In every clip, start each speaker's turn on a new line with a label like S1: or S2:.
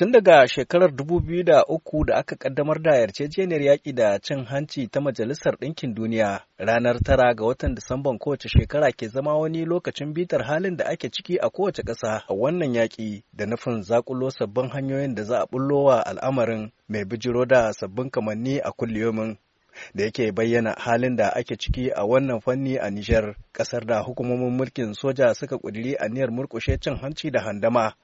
S1: Tun daga shekarar 2003 da aka kaddamar da yarjejeniyar yaƙi da cin hanci ta Majalisar Ɗinkin Duniya, ranar tara ga watan Disamban kowace shekara ke zama wani lokacin bitar halin da ake ciki a kowace ƙasa a wannan yaƙi da nufin zaƙulo sabbin hanyoyin da za a bullo wa al'amarin mai bijiro da sabbin kamanni a kulliyomin. da yake bayyana halin da ake ciki a wannan fanni a Nijar, ƙasar da hukumomin mulkin soja suka ƙudiri aniyar murkushe cin hanci da handama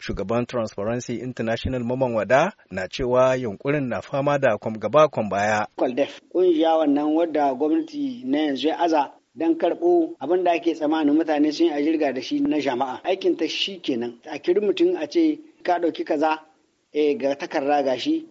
S1: Shugaban Transparency International Maman Wada na cewa yunkurin na fama da kwam gaba kwam baya. Kwaldef,
S2: wannan wadda gwamnati na yanzu ya aza don karɓo abin da ake tsammanin mutane sun yi a jirga da shi na jama'a. Aikin ta shi kenan. A kiri mutum a ce ka ɗauki kaza eh, ga takarda gashi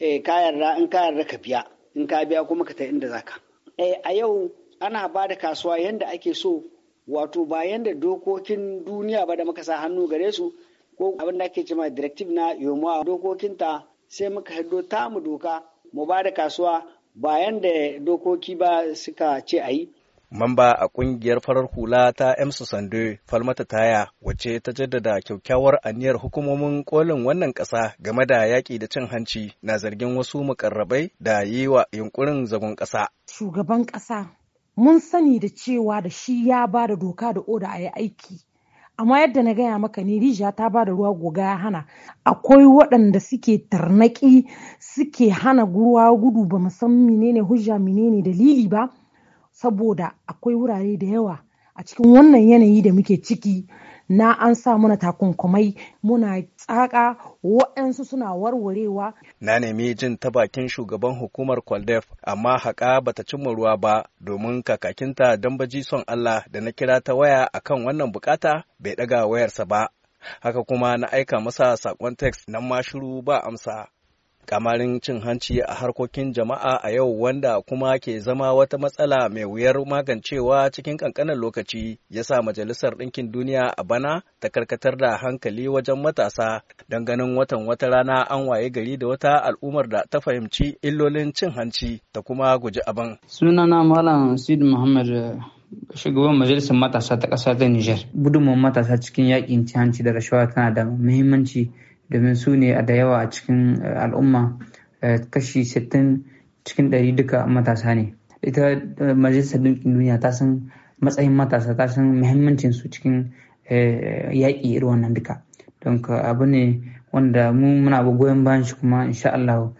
S2: eh, ka ra in ka ka biya in ka biya kuma ka ta inda zaka. Eh, a yau ana ba da kasuwa yanda ake so wato ba yanda dokokin duniya ba da muka sa hannu gare su ko abin da ake cewa directive na yomuwa dokokinta sai muka haddo mu doka mu ba da kasuwa bayan da dokoki ba suka ce a yi.
S1: Mamba a ƙungiyar farar hula ta Emsu Sande Falmata Taya wacce ta jaddada kyakkyawar aniyar hukumomin kolin wannan ƙasa game da yaƙi da cin hanci na zargin wasu mukarrabai da yi wa yunkurin zagon ƙasa.
S3: Shugaban ƙasa mun sani da cewa da shi ya ba da doka da oda a yi aiki amma yadda na gaya maka ne rijiya ta bada ruwa goga ya hana akwai waɗanda suke tarnaki suke hana ruwa gudu ba san menene hujja menene dalili ba saboda akwai wurare da yawa a cikin wannan yanayi da muke ciki na an sa muna takunkumai muna tsaka waɗansu suna warwarewa.
S1: Na nemi jin ta bakin shugaban hukumar Kwaldef amma haƙa bata cimma ruwa ba domin kakakinta dambaji son Allah da na kira ta waya akan wannan bukata bai ɗaga wayarsa ba. Haka kuma na aika masa saƙon text nan ma shiru ba amsa. kamarin cin hanci a harkokin jama'a a yau wanda kuma ke zama wata matsala mai wuyar magancewa cikin kankanin lokaci ya sa majalisar ɗinkin duniya a bana ta karkatar da hankali wajen matasa don ganin watan wata rana an waye gari da wata al'ummar da ta fahimci illolin cin hanci ta kuma guji abin.
S4: sunana malam sid muhammad shugaban majalisar matasa ta ƙasa ta niger gudunmawar matasa cikin yakin cin hanci da rashawa tana da muhimmanci domin su ne da yawa a cikin eh, al'umma eh, kashi 60 cikin 100 duka matasa ne ita eh, majalisar dinkin duniya ta san matsayin matasa ta san muhimmancin su cikin yaƙi irin wannan duka don abu ne wanda mu muna goyon bayan shi kuma insha Allah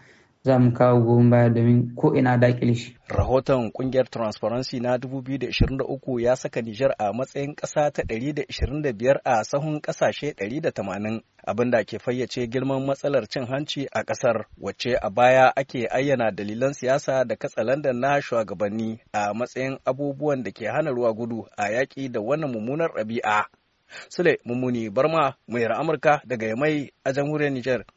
S4: za mu kawo goyon baya domin ko ina da shi.
S1: Rahoton kungiyar Transparency na 2023 ya saka Nijar a matsayin kasa ta 125 a sahun ƙasashe 180 abin da ke fayyace girman matsalar cin hanci a ƙasar wacce a baya ake ayyana dalilan siyasa da katsalandan na shugabanni a matsayin abubuwan da ke hana ruwa gudu a yaƙi da wannan mummunar ɗabi'a. Sule Mummuni Barma, muryar Amurka daga Yamai a jamhuriyar Nijar.